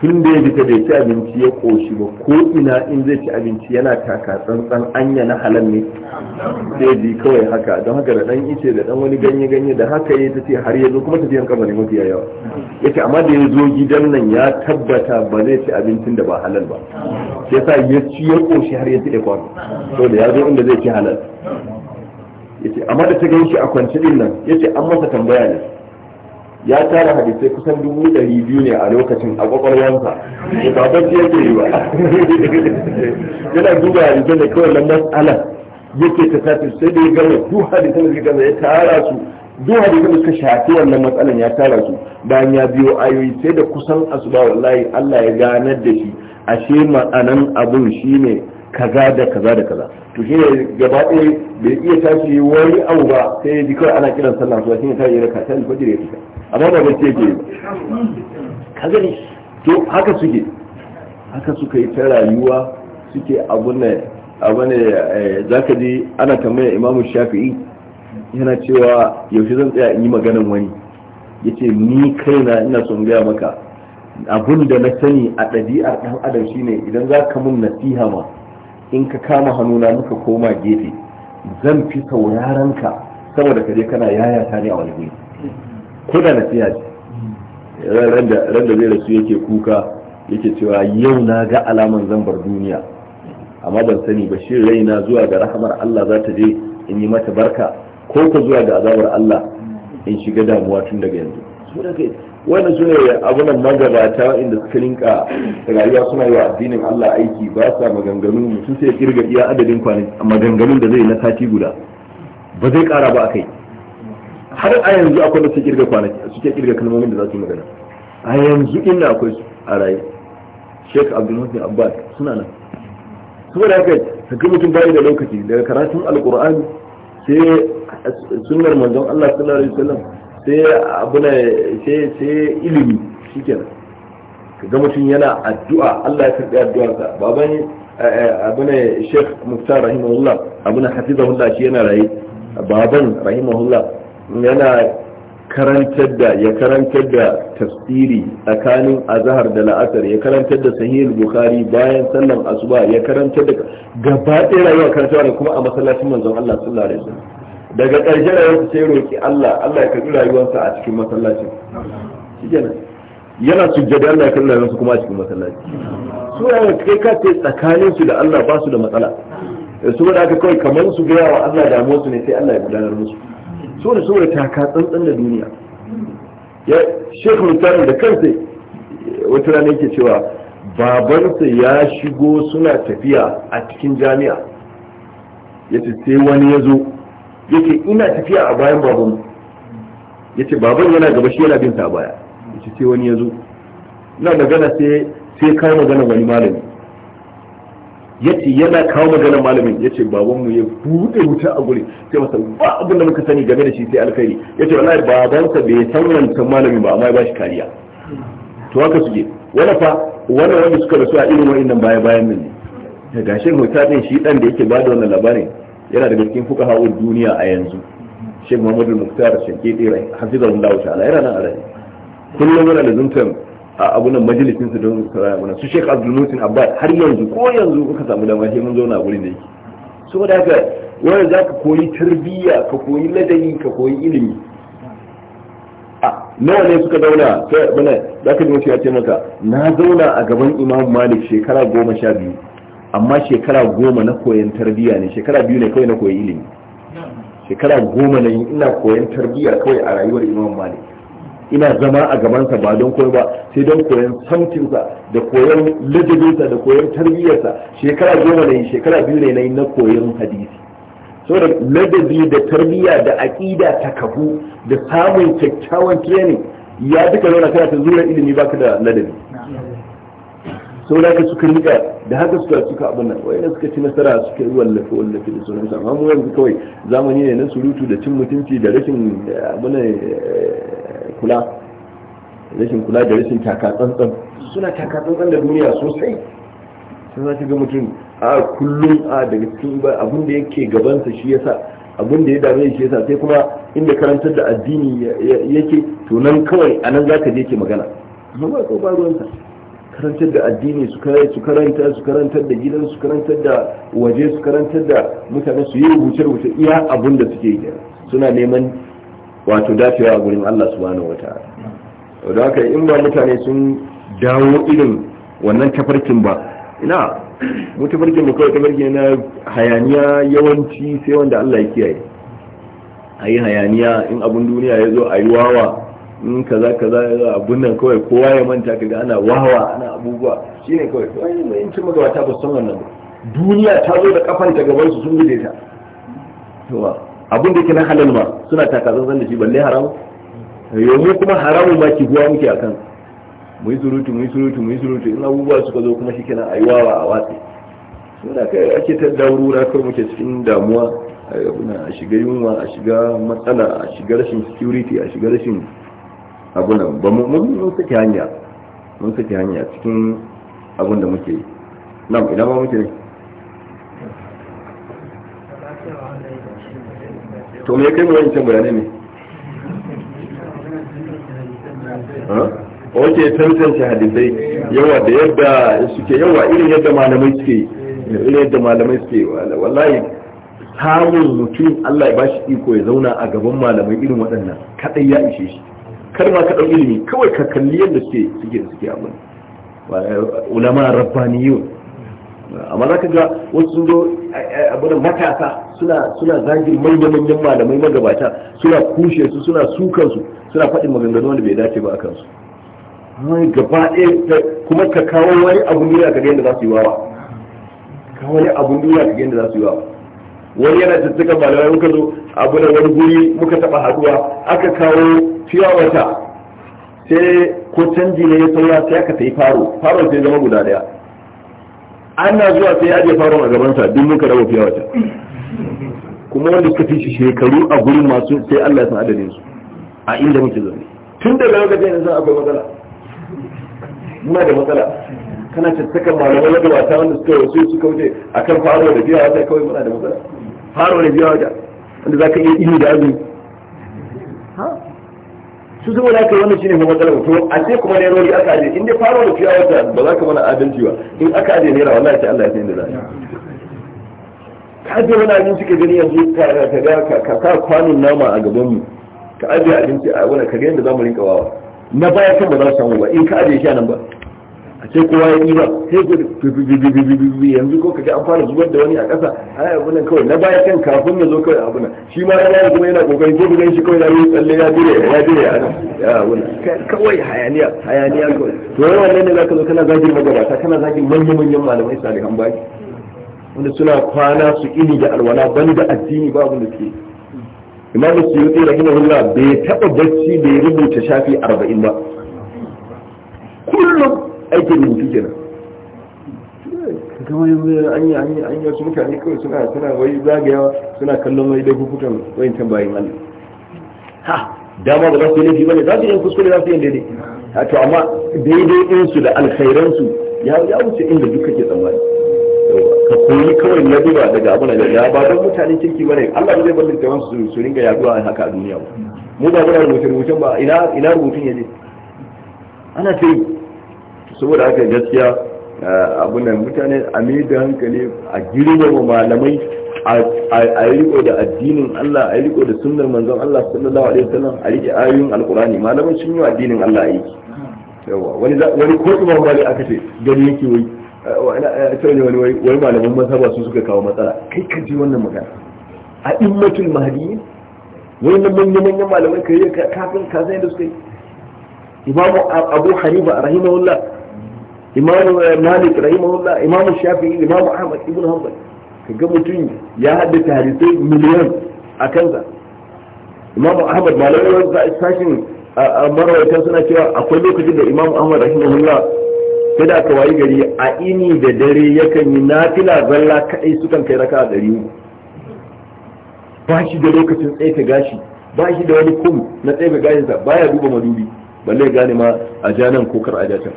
tun da ya fita ta bai ci abinci ya koshi ba ko ina in zai ci abinci yana taka tsantsan anya na halal ne sai ji kawai haka don haka da dan ice da dan wani ganye ganye da haka ya tace har ya kuma ta kafa ne mafi yawa yace amma da ya zo gidan nan ya tabbata ba zai ci abincin da ba halal ba sai sa ya ci ya koshi har ya tsaye kwano to da ya zo inda zai ci halal yace amma da ta ganshi a kwance din nan yace an masa tambaya ne ya tara hadisai kusan dubu ɗari biyu ne a lokacin a kwakwalwansa ba bacci yake yi ba yana duba hadisan da kawai lambar ala yake ta tafi sai da ya gama duk hadisan da suka gama ya tara su duk hadisai da suka shafi wannan matsalan ya tara su bayan ya biyo ayoyi sai da kusan asuba wallahi Allah ya ganar da shi ashe ma'anan abun shine kaza da kaza da kaza to shi ne gaba ɗaya bai iya tashi wani abu ba sai ya ji kawai ana kiran sallah su shi ne ta yi raka ta yi ya fita amma ba bai ce ke ba ka gani to haka suke haka suka yi ta rayuwa suke abun ne abun ne eh, zaka ji ana tambaya imamu shafi'i yana cewa yaushe zan tsaya in yi maganan wani ya ce ni kaina ina son gaya maka abun da na sani a ɗabi'ar ɗan adam shine idan za ka mun nasiha ma in ka kama hannuna muka koma gefe zan fi sauraron ka saboda ka je kana yaya ta ne a wani gefe ko da nasiha ce ran da zai rasu yake kuka yake cewa yau na ga alaman zambar duniya amma ban sani ba shi raina zuwa ga rahamar Allah za ta je in yi mata barka ko ka zuwa ga azabar Allah in shiga damuwa tun daga yanzu wani su ne abunan magabata inda suka rinka rayuwa suna yi addinin Allah aiki ba sa maganganu su sai kirga iya adadin kwanin maganganun da zai na sati guda ba zai kara ba kai har a yanzu akwai da suke kirga kwanaki suke kirga kalmomin da za su magana a yanzu inda akwai su a raye Sheikh Abdul Muhsin Abbas suna nan saboda haka kaga mutum bai da lokaci daga karatun alqur'ani sai sunnar manzon Allah sallallahu alaihi wasallam sai abuna sai sai ilimi shikenan kaga mutum yana addu'a Allah ya karbi addu'arsa baban eh, eh, abuna Sheikh Muftar rahimahullah abuna hafizahullah shi yana raye baban rahimahullah yana karantar da ya karantar da tafsiri tsakanin azhar da la'asar ya karantar da sahih bukhari bayan sallan asuba ya karantar da gaba ɗaya rayuwar karantawa ne kuma a masallacin manzon Allah sallallahu alaihi wasallam daga ƙarshe rayuwarsa sai roƙi Allah Allah ya karɓi rayuwarsa a cikin masallacin shikenan yana sujjada Allah ya karɓi rayuwarsa kuma a cikin masallaci su ya kai ka ce tsakanin su da Allah ba su da matsala su da aka kawai kamar su gaya wa Allah damuwar su ne sai Allah ya gudanar musu su da su da taka tsantsan da duniya ya shekhu mutane da kansa wata rana yake cewa babansa ya shigo suna tafiya a cikin jami'a yace sai wani ya zo yace ina tafiya a bayan baban yace baban yana gaba shi yana binta a baya yace sai wani ya zo ina magana sai sai kawo magana wani malami yace yana kawo magana malamin yace baban mu ya bude wuta a guri sai masa ba abin da muka sani game da shi sai alkhairi yace wallahi babansa bai san wancan malamin ba amma ya bashi kariya to haka suke wani fa wani wanda suka rasu a irin wa'annan baya bayan nan ne gashin hotel shi dan da yake bada wannan labarin yana daga cikin fuka hawan duniya a yanzu shi muhammadu muktar shankiti hafizahun wa ta'ala yana nan a rai kullum yana zuntan a abunan majalisin su don raya mana su shek abdul musin abbas har yanzu ko yanzu kuka samu damar sai mun zauna gurin da yake saboda haka wani za ka koyi tarbiyya ka koyi ladabi ka koyi ilimi nawa ne suka zauna sai bana za ka ji mutum ya ce maka na zauna a gaban imam malik shekara goma sha biyu amma shekara goma na koyan tarbiyya ne shekara biyu ne kawai na koyi ilimi shekara goma na ina koyan tarbiyya kawai a rayuwar imam malik ina zama a gabansa ba don koyi ba sai don koyan samtinsa da koyan ladabinsa da koyan tarbiyyarsa shekara goma ne shekara biyu ne na yi na koyan hadisi saboda ladabi da tarbiyya da aƙida ta kafu da samun kyakkyawan training ya duka zauna kana ta zura ilimi baka da ladabi saboda suka riga da haka suka suka abin nan wai suka ci nasara suka yi wallafe wallafe da sauran sa amma yanzu kawai zamani ne na surutu da cin mutunci da rashin eh, abin eh, kula rashin kula da rashin taka tsantsan suna taka tsantsan da duniya sosai sai za ga mutum a kullum a daga cikin abin da yake gabansa shi yasa abin da ya dame shi yasa sai kuma inda karantar da addini yake to nan kawai anan zaka je ke magana amma ba ko ba ruwansa karantar da addini su su karanta su karantar da gidan su karantar da waje su karantar da mutane su yi rubuce rubuce iya abun da suke yi suna neman wato dacewa a gurin Allah subhanahu wataala da haka in ba mutane sun dawo irin wannan tafarkin ba ina mu tafarkin mu kawai tafarkin na hayaniya yawanci sai wanda Allah ya kiyaye a hayaniya in abun duniya ya zo a yi wawa in kaza kaza abun nan kawai kowa ya manta kaga ana wawa ana abubuwa shine kawai to ai mai cin gabata ba san wannan ba duniya ta zo da kafanta gaban su sun gude ta to abin da ke na halal ma suna takazan da shi balle haramu yanzu kuma haramun ma ki buwa muke akan mu yi surutu mu yi surutu mu yi surutu in abubuwa suka zo kuma shi shikenan a yi wawa a watsi suna kai ake ta daurura kar muke cikin damuwa a shiga yunwa a shiga matsala a shiga rashin security a shiga rashin abunan ba mun suke hanya mun suke hanya cikin abun da muke nan idan ba muke to me kai mu wancan bayani ne ha oke tantan shi hadisai yawa da yadda suke yawa irin yadda malamai suke irin yadda malamai suke wallahi samun mutum Allah ya bashi iko ya zauna a gaban malamai irin waɗannan kadai ya ishe shi kar ma ka ɗau ilimi kawai ka kalli yadda suke suke da suke amma ulama rabbaniyun amma za ka ga wasu sun zo abin matasa suna suna zagin manyan manyan malamai magabata suna kushe su suna sukan su suna faɗin maganganu wanda bai dace ba a kansu amma gaba ɗaya kuma ka kawo wani abun duniya ka ga yadda za su yi wawa ka wani abun duniya ka ga yadda za su yi wawa wani yana cikin malamai muka zo abu da wani guri muka taba haduwa aka kawo fiya wata sai ko canji ne ya saura sai aka tafi faro faro sai zama guda daya ana zuwa sai ya je faro a gabansa duk muka rabu fiya wata kuma wanda suka fi shekaru a gurin masu sai Allah ya san adadin su a inda muke zaune tun daga lokacin yanzu akwai matsala muna da matsala kana tattakan malamai da gabata wanda suka wasu suka wuce kan faro da biya wata kawai muna da matsala faro da biya wata wanda za ka iya ilimi da azumi su zama da ka wannan shine kuma matsalar to a ce kuma ne rori aka aje in dai faro da biya wata ba za ka mana adalci ba in aka aje naira wallahi sai Allah ya san da za ka ajiye wani abinci ka gani yanzu ka ka ka kwanin nama a gaban mu ka ajiye abinci a wani ka ga yadda mu rinka wawa na baya kan ba za su samu ba in ka ajiye shi nan ba A ce kowa ya ɗiba sai ku yanzu ko kaga an fara zubar da wani a ƙasa ai abu nan kawai na baya kan kafin ya zo kawai abu nan shi ma ya yi kuma yana kokari ko bugan shi kawai ya yi tsalle ya dire ya dire a nan ya kawai hayaniya hayaniya kawai to wai wannan ne zaka zo kana zagin magabata kana zagin manyan manyan malamai salihan baki wanda suna kwana su ini da alwala ban da addini babu da ke imamu suyuti rahimahullah bai taɓa bacci bai rubuta shafi arba'in ba kullum aikin rubutu kenan kamar yanzu an yi an yi wasu mutane kawai suna suna wai zagayawa suna kallon wai laifukan wayancan bayan Allah ha dama ba za su yi laifi bane za su yi kuskure za su yi daidai ha to amma daidai din su da alkhairan su ya ya wuce inda duka ke tsammani ka koyi kawai na duba daga abin da ya ba don mutane kirki bane Allah zai bar da su su ringa yaduwa haka a duniya ba mu ba muna rubuce rubucen ba ina ina rubutun yaje ana ta yi saboda haka gaskiya eh, abin nan mutane a mai da hankali a ma malamai a yi riko da addinin Allah a yi riko da sunnar manzon Allah sallallahu alaihi wasallam a rike ayoyin alqurani malamai sun yi addinin Allah aiki yawa wani wani ko imam bali aka ce gani yake wai eh, eh, wani wani wani malaman mazhaba su suka kawo matsala kai ka ji wannan magana a immatul mahdiyyin wannan manyan manyan malamai kai kafin ka san da suka yi imam abu hanifa rahimahullah Imamu eh, malik rahimahullah imamu shafi'i imamu ahmad ibn hanbal kaga mutum ya hada tarihi miliyan a kansa imam ahmad malamai sashin marwaitan suna cewa akwai lokacin da imam ahmad rahimahullah sai da aka gari a ini da dare yakan yi nafila zalla kadai sukan kai raka a ɗari ba shi da lokacin ka gashi ba shi da wani kum na gashi gashinsa baya duba madubi balle gane ma a janan ko kar a jatan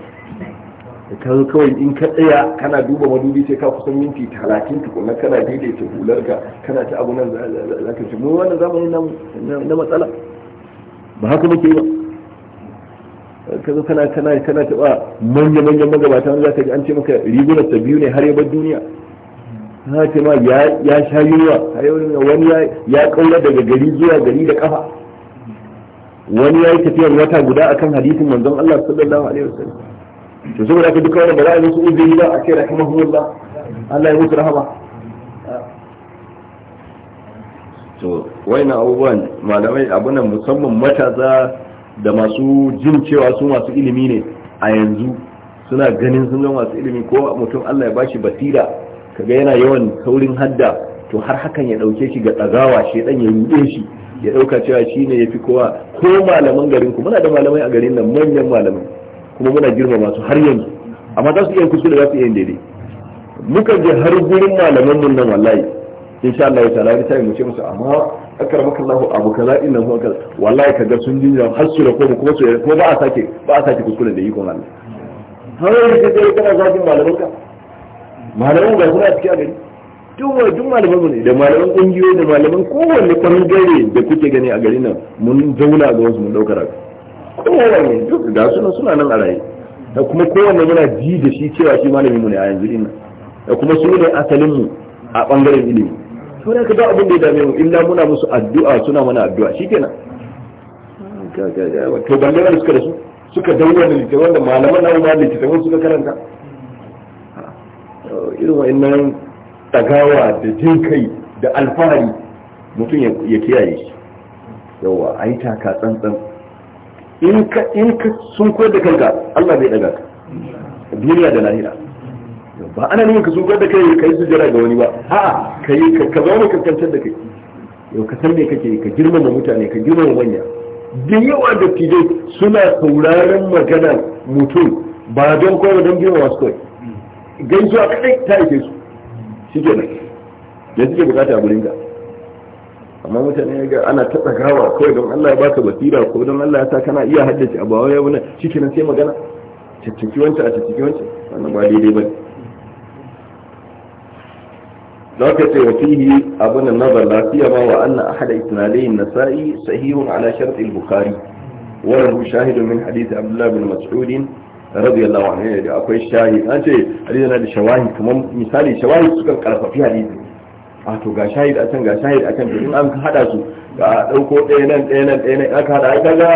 kan kawai in ka tsaya kana duba madubi sai ka kusan minti talatin na kana daidaita hularka kana ta abu nan za ka ci mu wannan zamani na matsala ba haka muke ba ka zo kana kana kana taba manya manya magabata za ka ji an ce maka rigunar ta biyu ne har ya bar duniya na ce ma ya sha yunwa har wani ya kaura daga gari zuwa gari da kafa wani ya yi tafiyar wata guda akan hadisin manzon Allah sallallahu alaihi wasallam to saboda haka duka wannan ba za a musu uzuri ba a ce rahimahullah Allah ya musu rahama to na abubuwan malamai abunan musamman matasa da masu jin cewa su masu ilimi ne a yanzu suna ganin sun zama masu ilimi ko mutum Allah ya bashi basira kaga yana yawan saurin hadda to har hakan ya dauke shi ga tsagawa shedan ya rube shi ya dauka cewa shine yafi kowa ko malaman garin ku muna da malamai a garin nan manyan malamai kuma muna girmama su har yanzu amma za su iya kuskure za su iya daidai mukan je har gurin malaman mun nan wallahi insha Allah ta'ala wani sai mu ce musu amma maka Allah abu kaza inna huwa kaza wallahi kaga sun jinja har su da ko kuma su ko ba a sake ba a sake kusur da iko Allah har yanzu sai kana zagin malaman ka malaman ba ga kuna a gari duk duk malaman mu ne da malaman kungiyoyi da malaman kowanne bangare da kuke gani a garin nan mun zauna ga wasu mun daukar haka suna nan a raye da kuma yana ji da shi cewa shi malamin mu ne a yanzu din da kuma su ne asalin mu a bangaren ilimi to da kaga abin da ya dame mu illa muna musu addu'a suna mana addu'a shikenan to balle wanda suka da su suka dawo da littafin da malaman nan ma da suka karanta irin nan tagawa da jin kai da alfahari mutum ya kiyaye shi yawa ai taka tsantsan in ka sun koyar da kanka Allah bai daga ka duniya da lahira ba ana nuna ka sun da kai kai sujjara ga wani ba ka yi, ka zama ka kantar da kai yau ka san me kake ka girmama mutane ka girmama manya da yawa da fide suna sauraron magana mutum ba don kowa don girma su kawai gaisuwa kadai ta ake su shi nan yanzu ke bukata a gurin ka amma mutane ga ana ta tsagawa kawai don Allah ya baka basira ko don Allah ya sa kana iya haddace abu wai wani shi na sai magana cikin wancan a cikin wancan wannan ba daidai ba za ka ce abu na nazar lafiya ma wa anna ahada isnadayn nasa'i sahihun ala shart al-bukhari wa lahu shahidun min hadith abdullah bin mas'ud radiyallahu anhu akwai shahid an ce hadisi na da shawahi kamar misali shawahi suka karfafi hadisi a to ga shahid a can ga shahid a can to in an hada su ga dauko ɗaya nan ɗaya nan ɗaya nan aka hada aka ga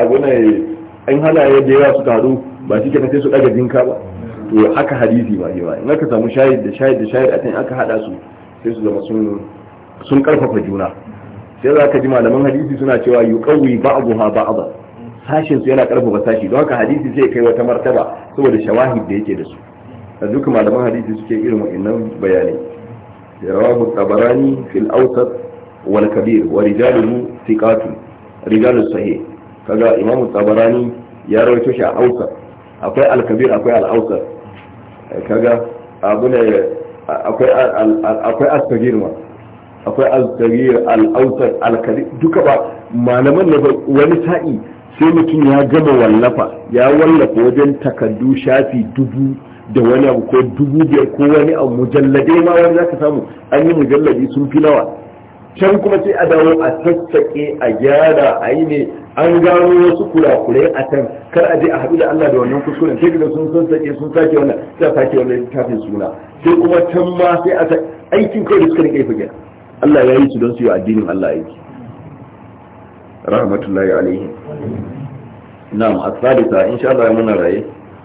a gona eh, an hana ya je ya su taru ba shi kenan sai su daga jinka ba to haka hadisi ba yawa in aka samu shahid da shahid da shahid a can aka hada su sai su zama sun sun karfafa juna sai za ka ji malaman hadisi suna cewa yuqawi ba'daha ba'dha sashin su yana karfafa sashi don haka hadisi sai kai wata martaba saboda shawahid da yake da su a duka malaman hadisi suke irin wa'annan bayanai رواه الطبراني في الأوسط والكبير ورجاله ثقات رجال الصحيح كذا إمام الطبراني يا رويتوش أوسط أقوى الكبير أقوى الأوسط كذا أقول أقوى الصغير ما akwai al-sagir al-ausar al-kari duka ba malaman da wani sa'i sai mutum ya gama wallafa ya wallafa wajen takaddu shafi dubu da wani abu ko dubu biyar ko wani abu mujalladai ma wani zaka samu an yi mujalladi sun fi nawa can kuma sai a dawo a sassaƙe a gyara a yi ne an gano wasu kurakurai a can kar a je a haɗu da Allah da wannan kuskuren sai kaga sun sassaƙe sun sake wannan sai a sake wannan littafin suna sai kuma can ma sai a aikin kai da suka rike fage Allah ya yi su don su yi addinin Allah aiki rahmatullahi alaihi na'am asalisa insha Allah muna raye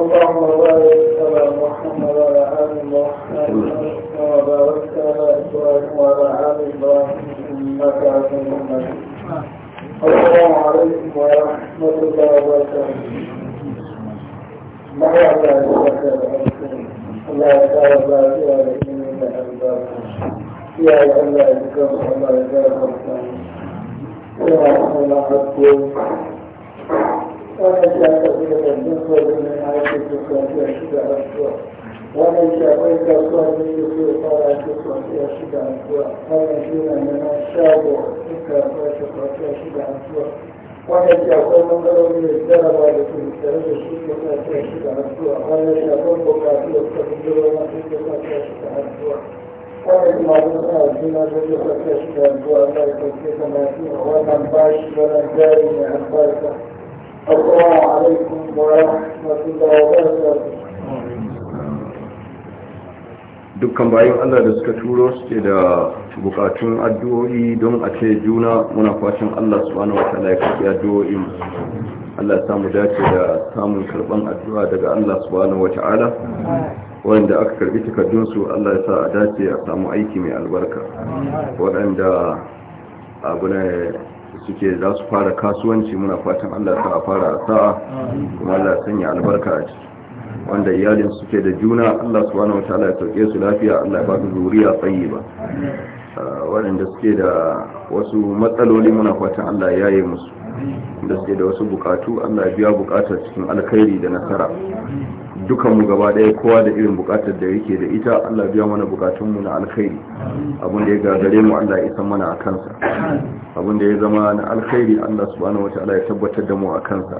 اللهم بارك على محمد وعلى ال محمد وبارك على ابراهيم وعلى ال ابراهيم انك عزيز مجيد السلام عليكم ورحمه الله وبركاته مرحبا الله تعالى بارك آية عليكم من الاسباب يا الله يذكركم الله يجعلكم يا رحمن الرحيم wannan shafi da ɗanɗin kogin na ake kasuwa shiga rasuwa wannan shafi kasuwa da ke so ya fara ake kasuwa shiga rasuwa wannan shi na nuna shago in kasuwa ta kasuwa shiga rasuwa wannan shafi mangarori da jaraba da su tare da shi ke kasuwa shiga rasuwa wannan shafi bukatu da suka fi jiro na su ke kasuwa shiga rasuwa wannan masu suna juna da su kasuwa shiga rasuwa Allah ya kauce kamar su wannan bashi wannan jari a السلام عليكم ورحمة الله وبركاته dukkan bayan Allah da suka turo suke da bukatun addu'o'i don a ce juna muna fatan Allah subhanahu wa ta'ala ya karbi addu'o'in Allah samu dace da samun karban addu'a daga Allah subhanahu wa ta'ala waɗanda aka karbi takardunsu Allah ya sa a dace a samu aiki mai albarka waɗanda abu ne suke za su fara kasuwanci muna fatan allah fara a fara sa'a kuma allah sanya albarka a ciki wanda iyalin suke da juna allah su wa wata ya sauke su lafiya allah ya ba su zuriya tsayi ba ah, waɗanda suke da wasu matsaloli muna fatan Allah ya yi musu da suke da wasu bukatu Allah biya bukatar cikin alkhairi da nasara dukanmu gaba ɗaya kowa da irin bukatar da yake da ita Allah biya mana bukatunmu na alkhairi abin da ya gagare mu Allah ya san mana a kansa abin da ya zama na alkhairi Allah subhanahu wataala ya tabbatar da mu a kansa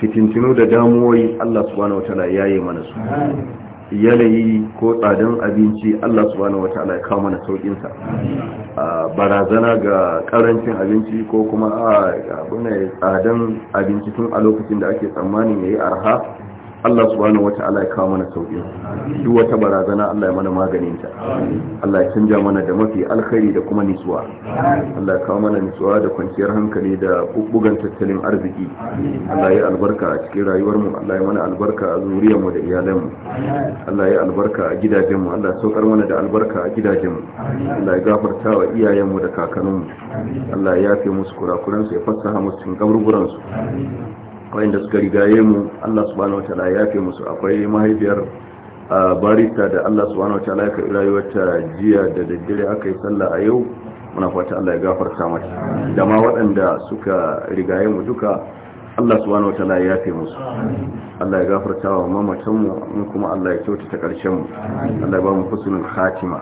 fitintinu da damuwoyi Allah subhanahu wataala ya yi mana su yalayi ko tsadan abinci Allah subhanahu wataala ya kawo mana saukin sa barazana ga karancin abinci ko kuma a abuna tsadan abinci tun a lokacin da ake tsammanin yayi arha Allah subhanahu wa ta'ala ya kawo mana sauki duk wata barazana Allah ya mana maganin ta Allah ya canja mana da mafi alkhairi da kuma nisuwa Allah ya kawo mana nisuwa da kwanciyar hankali da bubbugan tattalin arziki Allah ya albarka a cikin rayuwar mu Allah ya mana albarka a zuriyar mu da iyalan mu Allah ya albarka a gidajen mu Allah ya saukar mana da albarka a gidajen mu Allah ya gafarta wa iyayen mu da kakannin mu Allah ya yafe musu kurakuran su ya fassaha musu cikin kaburburan su da suka rigaye mu Allah subhanahu wataala ya yafe musu akwai mahaifiyar barista da Allah subhanahu wataala ya karbi rayuwarta jiya da daddare aka yi sallah a yau muna fata Allah ya gafarta mata da ma waɗanda suka rigaye mu duka Allah subhanahu wataala ya yafe musu Allah ya gafarta wa mamatan mu mun kuma Allah ya kyautata karshen mu Allah ya ba mu husnul khatima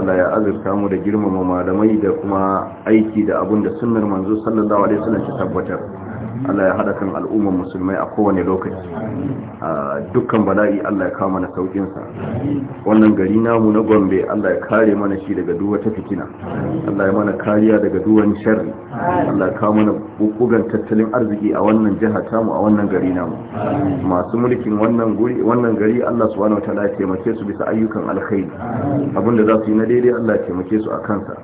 Allah ya azurta mu da girmama malamai da kuma aiki da abin da sunnar manzo sallallahu alaihi wasallam ta tabbatar Allah ya haɗa kan al'ummar musulmai a kowane lokaci dukkan bala'i Allah ya kama na sauƙinsa. wannan gari namu na Gombe Allah ya kare mana shi daga duwa ta fitina Allah ya mana kariya daga duwan wani sharri Allah ya kama mana bukugan tattalin arziki a wannan jiha tamu a wannan gari namu masu mulkin wannan gari Allah su wataala ya taimake su bisa ayyukan alkhairi abinda za su yi na daidai Allah ya taimake su a kansa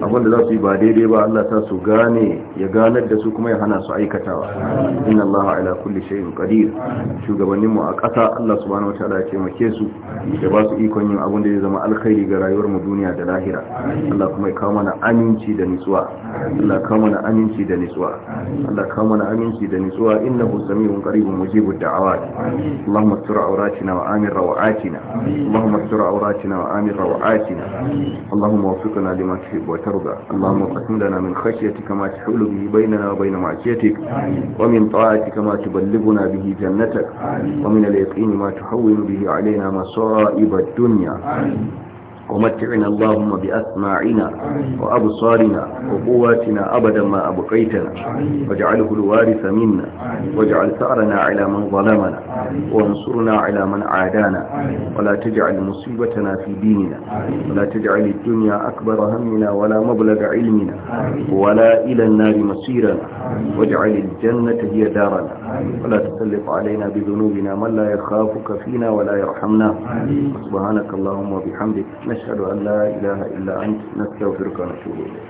abinda za su yi ba daidai ba Allah ta su gane ya ganar da su kuma ya hana su aikata aikatawa inna Allah ala kulli shay'in qadir shugabannin mu a ƙasa Allah subhanahu wataala ya taimake su ya ba su ikon yin abin da zai zama alkhairi ga rayuwar mu duniya da lahira Allah kuma ya kawo mana aminci da nutsuwa Allah kawo mana aminci da nutsuwa Allah kawo mana aminci da nutsuwa innahu samiun qaribun mujibud da'awat Allahumma astur awratina wa amir rawatina Allahumma astur awratina wa amir rawatina Allahumma waffiqna lima tuhibbu wa tarda Allahumma qasim lana min khashyatika ma tahulu bihi bainana wa bain ma'siyatik ومن طاعتك ما تبلغنا به جنتك ومن اليقين ما تحول به علينا مصائب الدنيا ومتعنا اللهم بأسماعنا وأبصارنا وقواتنا أبدا ما أبقيتنا واجعله الوارث منا واجعل ثأرنا على من ظلمنا وانصرنا على من عادانا ولا تجعل مصيبتنا في ديننا ولا تجعل الدنيا أكبر همنا ولا مبلغ علمنا ولا إلى النار مصيرنا واجعل الجنة هي دارنا ولا تسلط علينا بذنوبنا من لا يخافك فينا ولا يرحمنا سبحانك اللهم وبحمدك ونشهد أن لا إله إلا أنت نستغفرك ونتوب إليك